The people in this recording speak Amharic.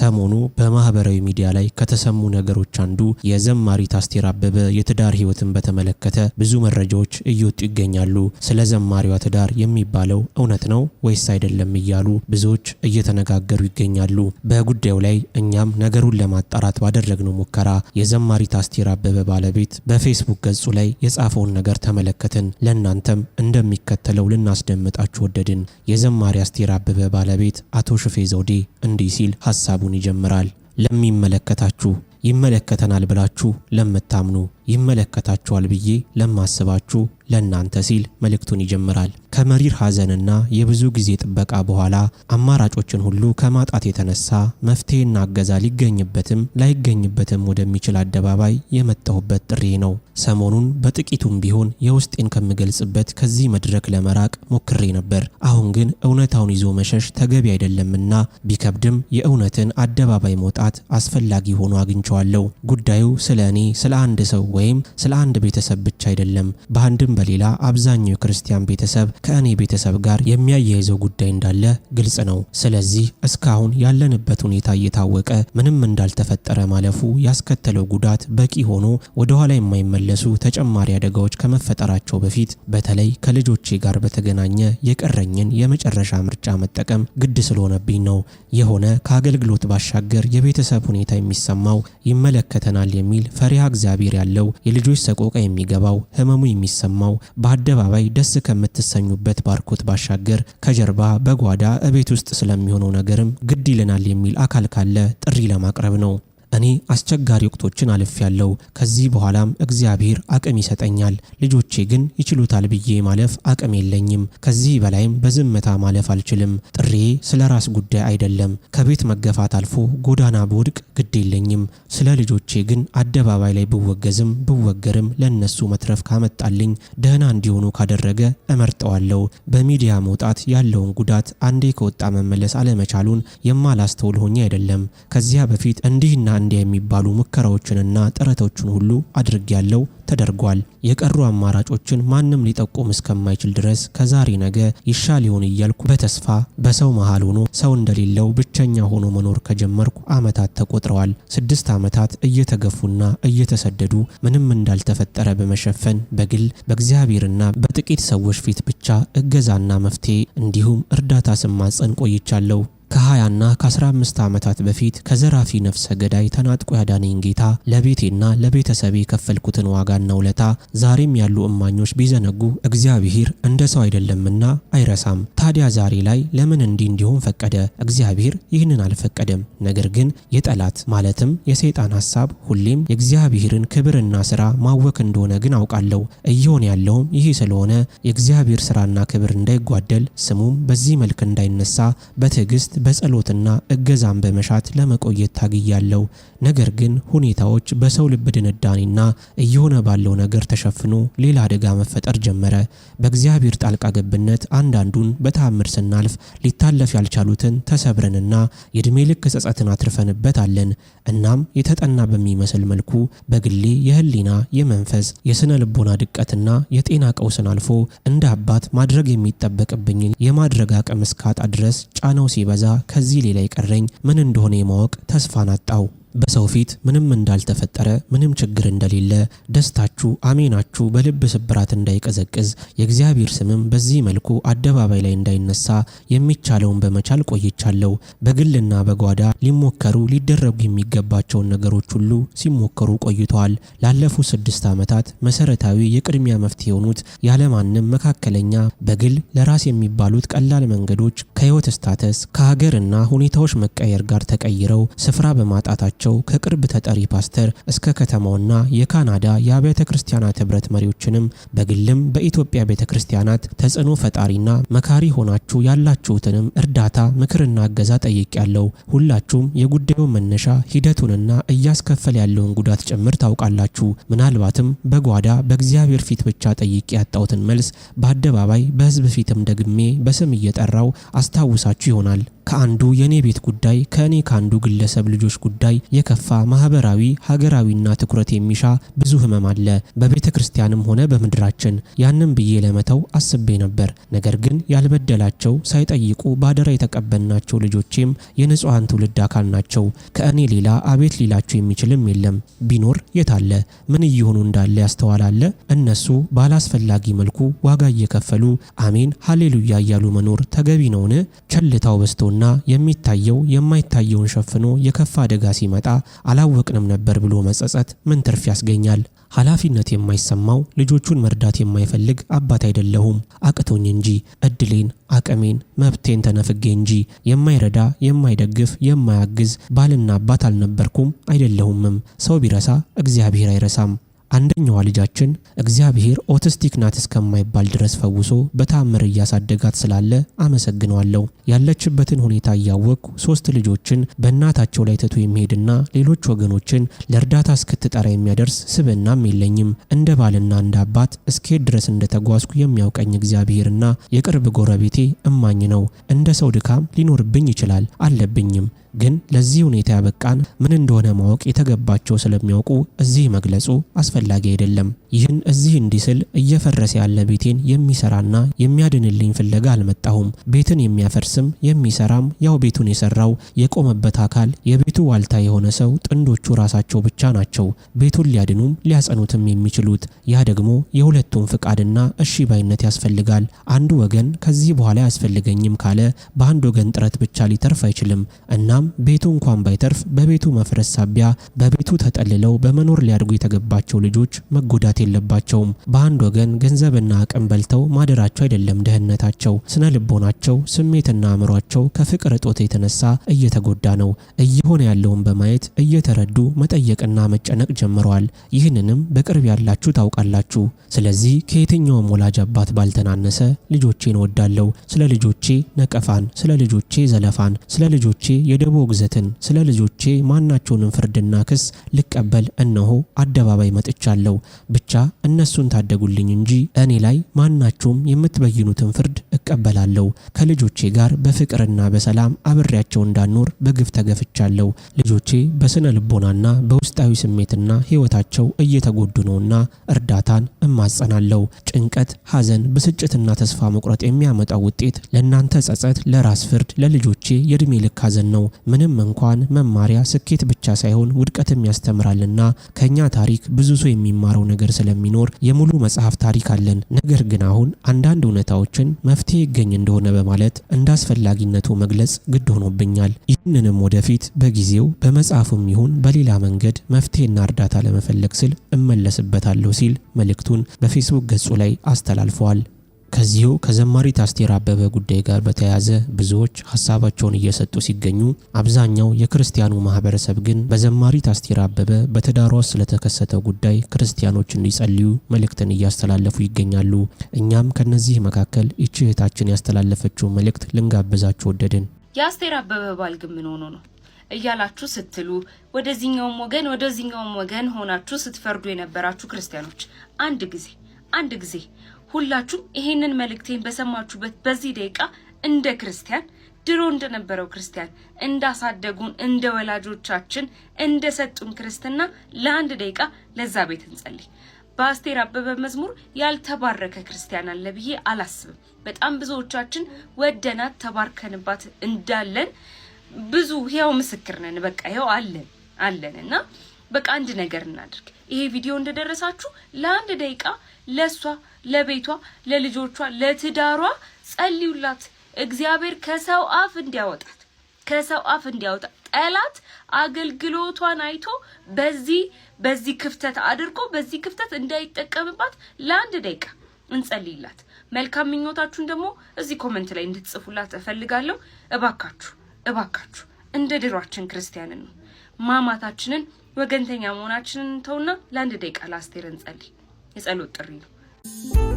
ሰሞኑ በማህበራዊ ሚዲያ ላይ ከተሰሙ ነገሮች አንዱ የዘማሪት አስቴር አበበ የትዳር ህይወትን በተመለከተ ብዙ መረጃዎች እየወጡ ይገኛሉ። ስለ ዘማሪዋ ትዳር የሚባለው እውነት ነው ወይስ አይደለም እያሉ ብዙዎች እየተነጋገሩ ይገኛሉ። በጉዳዩ ላይ እኛም ነገሩን ለማጣራት ባደረግነው ሙከራ የዘማሪት አስቴር አበበ ባለቤት በፌስቡክ ገጹ ላይ የጻፈውን ነገር ተመለከትን። ለእናንተም እንደሚከተለው ልናስደምጣችሁ ወደድን። የዘማሪ አስቴር አበበ ባለቤት አቶ ሽፌ ዘውዴ እንዲህ ሲል ሀሳቡን መሆን ይጀምራል። ለሚመለከታችሁ ይመለከተናል ብላችሁ ለምታምኑ ይመለከታችኋል ብዬ ለማስባችሁ ለእናንተ ሲል መልእክቱን ይጀምራል። ከመሪር ሐዘንና የብዙ ጊዜ ጥበቃ በኋላ አማራጮችን ሁሉ ከማጣት የተነሳ መፍትሄና እገዛ ሊገኝበትም ላይገኝበትም ወደሚችል አደባባይ የመጣሁበት ጥሪ ነው። ሰሞኑን በጥቂቱም ቢሆን የውስጤን ከምገልጽበት ከዚህ መድረክ ለመራቅ ሞክሬ ነበር። አሁን ግን እውነታውን ይዞ መሸሽ ተገቢ አይደለምና ቢከብድም የእውነትን አደባባይ መውጣት አስፈላጊ ሆኖ አግኝቸዋለሁ። ጉዳዩ ስለ እኔ ስለ አንድ ሰው ወይም ስለ አንድ ቤተሰብ ብቻ አይደለም። በአንድም በሌላ አብዛኛው የክርስቲያን ቤተሰብ ከእኔ ቤተሰብ ጋር የሚያያይዘው ጉዳይ እንዳለ ግልጽ ነው። ስለዚህ እስካሁን ያለንበት ሁኔታ እየታወቀ ምንም እንዳልተፈጠረ ማለፉ ያስከተለው ጉዳት በቂ ሆኖ ወደኋላ የማይመለሱ ተጨማሪ አደጋዎች ከመፈጠራቸው በፊት በተለይ ከልጆቼ ጋር በተገናኘ የቀረኝን የመጨረሻ ምርጫ መጠቀም ግድ ስለሆነብኝ ነው። የሆነ ከአገልግሎት ባሻገር የቤተሰብ ሁኔታ የሚሰማው ይመለከተናል የሚል ፈሪሃ እግዚአብሔር ያለው የሚለው የልጆች ሰቆቃ የሚገባው ህመሙ የሚሰማው በአደባባይ ደስ ከምትሰኙበት ባርኮት ባሻገር ከጀርባ በጓዳ እቤት ውስጥ ስለሚሆነው ነገርም ግድ ይለናል የሚል አካል ካለ ጥሪ ለማቅረብ ነው። እኔ አስቸጋሪ ወቅቶችን አልፍ ያለው ከዚህ በኋላም እግዚአብሔር አቅም ይሰጠኛል። ልጆቼ ግን ይችሉታል ብዬ ማለፍ አቅም የለኝም። ከዚህ በላይም በዝምታ ማለፍ አልችልም። ጥሬ ስለ ራስ ጉዳይ አይደለም። ከቤት መገፋት አልፎ ጎዳና ብወድቅ ግድ የለኝም። ስለ ልጆቼ ግን አደባባይ ላይ ብወገዝም ብወገርም ለእነሱ መትረፍ ካመጣልኝ፣ ደህና እንዲሆኑ ካደረገ እመርጠዋለሁ። በሚዲያ መውጣት ያለውን ጉዳት አንዴ ከወጣ መመለስ አለመቻሉን የማላስተውል ሆኜ አይደለም። ከዚያ በፊት እንዲህና ሆላንዲያ የሚባሉ ሙከራዎችንና ጥረቶችን ሁሉ ያለው ተደርጓል። የቀሩ አማራጮችን ማንም ሊጠቁም እስከማይችል ድረስ ከዛሬ ነገ ይሻል ይሆን እያልኩ በተስፋ በሰው መሃል ሆኖ ሰው እንደሌለው ብቸኛ ሆኖ መኖር ከጀመርኩ ዓመታት ተቆጥረዋል። ስድስት ዓመታት እየተገፉና እየተሰደዱ ምንም እንዳልተፈጠረ በመሸፈን በግል በእግዚአብሔርና በጥቂት ሰዎች ፊት ብቻ እገዛና መፍትሄ እንዲሁም እርዳታ ስማጸን ቆይቻለሁ። ከ ከአስራ አምስት ከ ዓመታት በፊት ከዘራፊ ነፍሰ ገዳይ ተናጥቆ ያዳነኝ ጌታ ለቤቴና ለቤተሰቤ የከፈልኩትን ዋጋና ውለታ ዛሬም ያሉ እማኞች ቢዘነጉ እግዚአብሔር እንደ ሰው አይደለምና አይረሳም። ታዲያ ዛሬ ላይ ለምን እንዲህ እንዲሆን ፈቀደ? እግዚአብሔር ይህንን አልፈቀደም። ነገር ግን የጠላት ማለትም የሰይጣን ሐሳብ ሁሌም የእግዚአብሔርን ክብርና ስራ ማወክ እንደሆነ ግን አውቃለሁ። እየሆን ያለውም ይህ ስለሆነ የእግዚአብሔር ስራና ክብር እንዳይጓደል ስሙም በዚህ መልክ እንዳይነሳ በትዕግስት በጸሎትና እገዛን በመሻት ለመቆየት ታግያለው። ነገር ግን ሁኔታዎች በሰው ልብ ድንዳኔና እየሆነ ባለው ነገር ተሸፍኖ ሌላ አደጋ መፈጠር ጀመረ። በእግዚአብሔር ጣልቃ ገብነት አንዳንዱን በተአምር ስናልፍ ሊታለፍ ያልቻሉትን ተሰብረንና የእድሜ ልክ ጸጸትን አትርፈንበታለን። እናም የተጠና በሚመስል መልኩ በግሌ የህሊና የመንፈስ የስነ ልቦና ድቀትና የጤና ቀውስን አልፎ እንደ አባት ማድረግ የሚጠበቅብኝን የማድረግ አቅም እስካጣ ድረስ ጫናው ሲበዛ ከዚህ ሌላ የቀረኝ ምን እንደሆነ የማወቅ ተስፋን አጣው። በሰው ፊት ምንም እንዳልተፈጠረ ምንም ችግር እንደሌለ ደስታችሁ አሜናችሁ በልብ ስብራት እንዳይቀዘቅዝ የእግዚአብሔር ስምም በዚህ መልኩ አደባባይ ላይ እንዳይነሳ የሚቻለውን በመቻል ቆይቻለሁ። በግልና በጓዳ ሊሞከሩ ሊደረጉ የሚገባቸውን ነገሮች ሁሉ ሲሞከሩ ቆይተዋል። ላለፉት ስድስት ዓመታት መሰረታዊ የቅድሚያ መፍትሄ የሆኑት ያለማንም መካከለኛ በግል ለራስ የሚባሉት ቀላል መንገዶች ከህይወት ስታተስ ከሀገርና ሁኔታዎች መቀየር ጋር ተቀይረው ስፍራ በማጣታቸው ያላቸው ከቅርብ ተጠሪ ፓስተር እስከ ከተማውና የካናዳ የአብያተ ክርስቲያናት ህብረት መሪዎችንም በግልም በኢትዮጵያ ቤተ ክርስቲያናት ተጽዕኖ ፈጣሪና መካሪ ሆናችሁ ያላችሁትንም እርዳታ፣ ምክርና እገዛ ያለው ሁላችሁም የጉዳዩን መነሻ ሂደቱንና እያስከፈለ ያለውን ጉዳት ጭምር ታውቃላችሁ። ምናልባትም በጓዳ በእግዚአብሔር ፊት ብቻ ጠይቄ ያጣሁትን መልስ በአደባባይ በህዝብ ፊትም ደግሜ በስም እየጠራው አስታውሳችሁ ይሆናል። ከአንዱ የኔ ቤት ጉዳይ ከእኔ ካንዱ ግለሰብ ልጆች ጉዳይ የከፋ ማህበራዊ ሀገራዊና ትኩረት የሚሻ ብዙ ህመም አለ በቤተ ክርስቲያንም ሆነ በምድራችን። ያንም ብዬ ለመተው አስቤ ነበር። ነገር ግን ያልበደላቸው ሳይጠይቁ ባደራ የተቀበልናቸው ልጆቼም የንጹሐን ትውልድ አካል ናቸው። ከእኔ ሌላ አቤት ሊላቸው የሚችልም የለም። ቢኖር የታለ ምን እየሆኑ እንዳለ ያስተዋላለ። እነሱ ባላስፈላጊ መልኩ ዋጋ እየከፈሉ አሜን ሀሌሉያ እያሉ መኖር ተገቢ ነውን? ቸልታው በዝቶና እና የሚታየው የማይታየውን ሸፍኖ የከፋ አደጋ ሲመጣ አላወቅንም ነበር ብሎ መጸጸት ምን ትርፍ ያስገኛል? ኃላፊነት የማይሰማው ልጆቹን መርዳት የማይፈልግ አባት አይደለሁም፣ አቅቶኝ እንጂ እድሌን፣ አቅሜን፣ መብቴን ተነፍጌ እንጂ የማይረዳ የማይደግፍ የማያግዝ ባልና አባት አልነበርኩም አይደለሁምም። ሰው ቢረሳ እግዚአብሔር አይረሳም። አንደኛዋ ልጃችን እግዚአብሔር ኦቲስቲክ ናት እስከማይባል ድረስ ፈውሶ በታምር እያሳደጋት ስላለ አመሰግነዋለሁ። ያለችበትን ሁኔታ እያወቅኩ ሶስት ልጆችን በእናታቸው ላይ ትቶ የሚሄድና ሌሎች ወገኖችን ለእርዳታ እስክትጠራ የሚያደርስ ስብዕናም የለኝም። እንደ ባልና እንደ አባት እስክሄድ ድረስ እንደተጓዝኩ የሚያውቀኝ እግዚአብሔርና የቅርብ ጎረቤቴ እማኝ ነው። እንደ ሰው ድካም ሊኖርብኝ ይችላል አለብኝም። ግን ለዚህ ሁኔታ ያበቃን ምን እንደሆነ ማወቅ የተገባቸው ስለሚያውቁ እዚህ መግለጹ አስፈላጊ አይደለም። ይህን እዚህ እንዲህ ስል እየፈረሰ ያለ ቤቴን የሚሰራና የሚያድንልኝ ፍለጋ አልመጣሁም። ቤትን የሚያፈርስም የሚሰራም ያው ቤቱን የሰራው የቆመበት አካል የቤቱ ዋልታ የሆነ ሰው ጥንዶቹ ራሳቸው ብቻ ናቸው ቤቱን ሊያድኑም ሊያጸኑትም የሚችሉት። ያ ደግሞ የሁለቱም ፍቃድና እሺ ባይነት ያስፈልጋል። አንዱ ወገን ከዚህ በኋላ ያስፈልገኝም ካለ በአንድ ወገን ጥረት ብቻ ሊተርፍ አይችልም። እናም ቤቱ እንኳን ባይተርፍ በቤቱ መፍረስ ሳቢያ በቤቱ ተጠልለው በመኖር ሊያድጉ የተገባቸው ልጆች መጎዳት የለባቸውም። በአንድ ወገን ገንዘብና አቅም በልተው ማደራቸው አይደለም ደህንነታቸው። ስነ ልቦናቸው፣ ስሜትና አእምሯቸው ከፍቅር እጦት የተነሳ እየተጎዳ ነው። እየሆነ ያለውን በማየት እየተረዱ መጠየቅና መጨነቅ ጀምረዋል። ይህንንም በቅርብ ያላችሁ ታውቃላችሁ። ስለዚህ ከየትኛውም ወላጅ አባት ባልተናነሰ ልጆቼን እወዳለሁ። ስለ ልጆቼ ነቀፋን፣ ስለ ልጆቼ ዘለፋን፣ ስለ ልጆቼ የደቦ ግዘትን፣ ስለ ልጆቼ ማናቸውንም ፍርድና ክስ ልቀበል እነሆ አደባባይ መጥቻለሁ። ብቻ ብቻ እነሱን ታደጉልኝ እንጂ እኔ ላይ ማናችሁም የምትበይኑትን ፍርድ እቀበላለሁ። ከልጆቼ ጋር በፍቅርና በሰላም አብሬያቸው እንዳኖር በግፍ ተገፍቻለሁ። ልጆቼ በስነ ልቦናና በውስጣዊ ስሜትና ሕይወታቸው እየተጎዱ ነውና እርዳታን እማጸናለሁ። ጭንቀት፣ ሐዘን፣ ብስጭትና ተስፋ መቁረጥ የሚያመጣው ውጤት ለእናንተ ጸጸት፣ ለራስ ፍርድ፣ ለልጆቼ የዕድሜ ልክ ሐዘን ነው። ምንም እንኳን መማሪያ ስኬት ብቻ ሳይሆን ውድቀትም ያስተምራልና ከእኛ ታሪክ ብዙ ሰው የሚማረው ነገር ስለሚኖር የሙሉ መጽሐፍ ታሪክ አለን። ነገር ግን አሁን አንዳንድ እውነታዎችን መፍትሄ ይገኝ እንደሆነ በማለት እንደ አስፈላጊነቱ መግለጽ ግድ ሆኖብኛል። ይህንንም ወደፊት በጊዜው በመጽሐፉም ይሁን በሌላ መንገድ መፍትሄና እርዳታ ለመፈለግ ስል እመለስበታለሁ ሲል መልእክቱን በፌስቡክ ገጹ ላይ አስተላልፈዋል። ከዚሁ ከዘማሪት አስቴር አበበ ጉዳይ ጋር በተያያዘ ብዙዎች ሀሳባቸውን እየሰጡ ሲገኙ አብዛኛው የክርስቲያኑ ማህበረሰብ ግን በዘማሪት አስቴር አበበ በትዳሯ ስለተከሰተው ጉዳይ ክርስቲያኖች እንዲጸልዩ መልእክትን እያስተላለፉ ይገኛሉ። እኛም ከነዚህ መካከል ይቺ እህታችን ያስተላለፈችው መልእክት ልንጋብዛችሁ ወደድን። የአስቴር አበበ ባል ግን ምን ሆኖ ነው እያላችሁ ስትሉ ወደዚህኛውም ወገን ወደዚህኛውም ወገን ሆናችሁ ስትፈርዱ የነበራችሁ ክርስቲያኖች አንድ ጊዜ አንድ ጊዜ ሁላችሁም ይሄንን መልእክቴን በሰማችሁበት በዚህ ደቂቃ እንደ ክርስቲያን ድሮ እንደነበረው ክርስቲያን እንዳሳደጉን እንደ ወላጆቻችን እንደሰጡን ክርስትና ለአንድ ደቂቃ ለዛ ቤት እንጸልይ። በአስቴር አበበ መዝሙር ያልተባረከ ክርስቲያን አለ ብዬ አላስብም። በጣም ብዙዎቻችን ወደናት ተባርከንባት እንዳለን ብዙ ህያው ምስክር ነን። በቃ ይኸው አለን አለን እና በቃ አንድ ነገር እናድርግ። ይሄ ቪዲዮ እንደደረሳችሁ ለአንድ ደቂቃ ለእሷ ለቤቷ፣ ለልጆቿ፣ ለትዳሯ ጸልዩላት። እግዚአብሔር ከሰው አፍ እንዲያወጣት ከሰው አፍ እንዲያወጣ ጠላት አገልግሎቷን አይቶ በዚህ በዚህ ክፍተት አድርጎ በዚህ ክፍተት እንዳይጠቀምባት ለአንድ ደቂቃ እንጸልይላት። መልካም ምኞታችሁን ደግሞ እዚህ ኮመንት ላይ እንድትጽፉላት እፈልጋለሁ። እባካችሁ እባካችሁ እንደ ድሯችን ክርስቲያንን ነው ማማታችንን ወገንተኛ መሆናችንን ተውና ለአንድ ደቂቃ ለአስቴር እንጸልይ። የጸሎት ጥሪ ነው።